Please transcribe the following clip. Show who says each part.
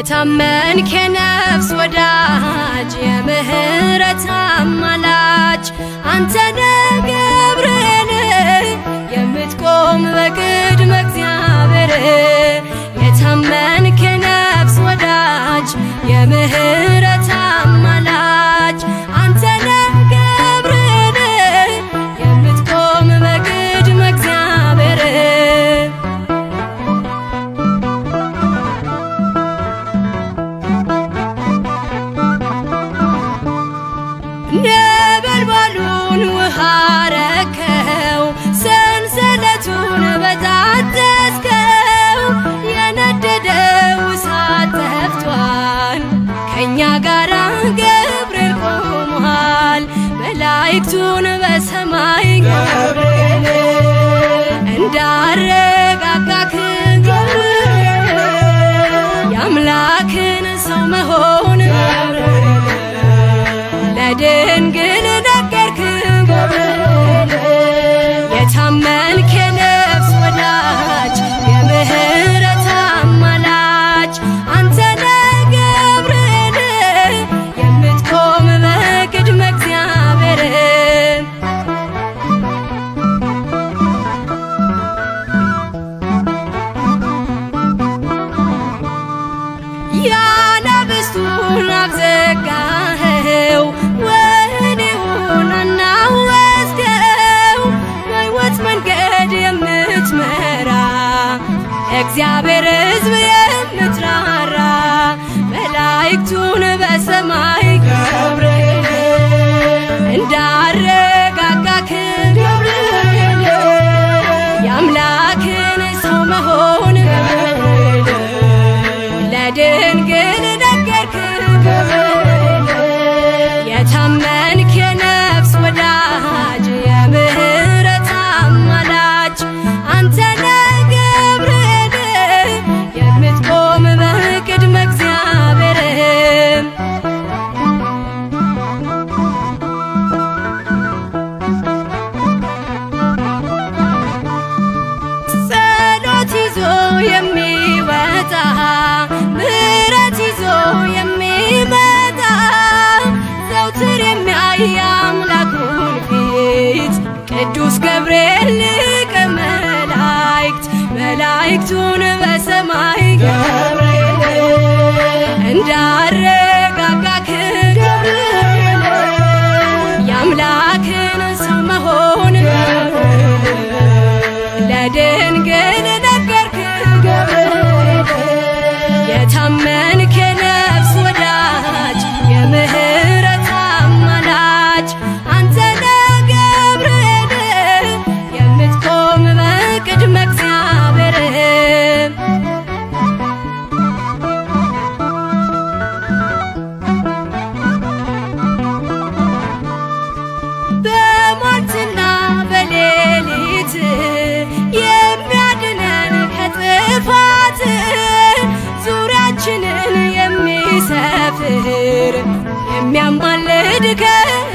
Speaker 1: የታመንክ የነፍስ ወዳጅ የምህረት አማላጅ አንተ ነህ። ኃይሉን ውሃ አረከው፣ ሰንሰለቱን በጣጠስከው። የነደደው እሳት ጠፍቷል፣ ከእኛ ጋር ገብርኤል ቆሟል። መላእክቱን በሰማይ Ja, da bist du unabsehbar. ለድንግል ነገርክ የታመንክ የነፍስ ወዳጅ የምህረት አማላጅ አንተ ነህ ገብርኤል የምትቆም በቅድመ እግዚአብሔር ጸሎት ይዞ የሚ ምሕረት ይዞ የሚመጣ ዘውትር የሚያይ አምላኩን ፊት ቅዱስ ገብርኤል ሊቀ መላእክት መላእክቱን በሰማይ ገባ የታመንክ የነፍስ ወዳጅ የምህ የሚያማልድ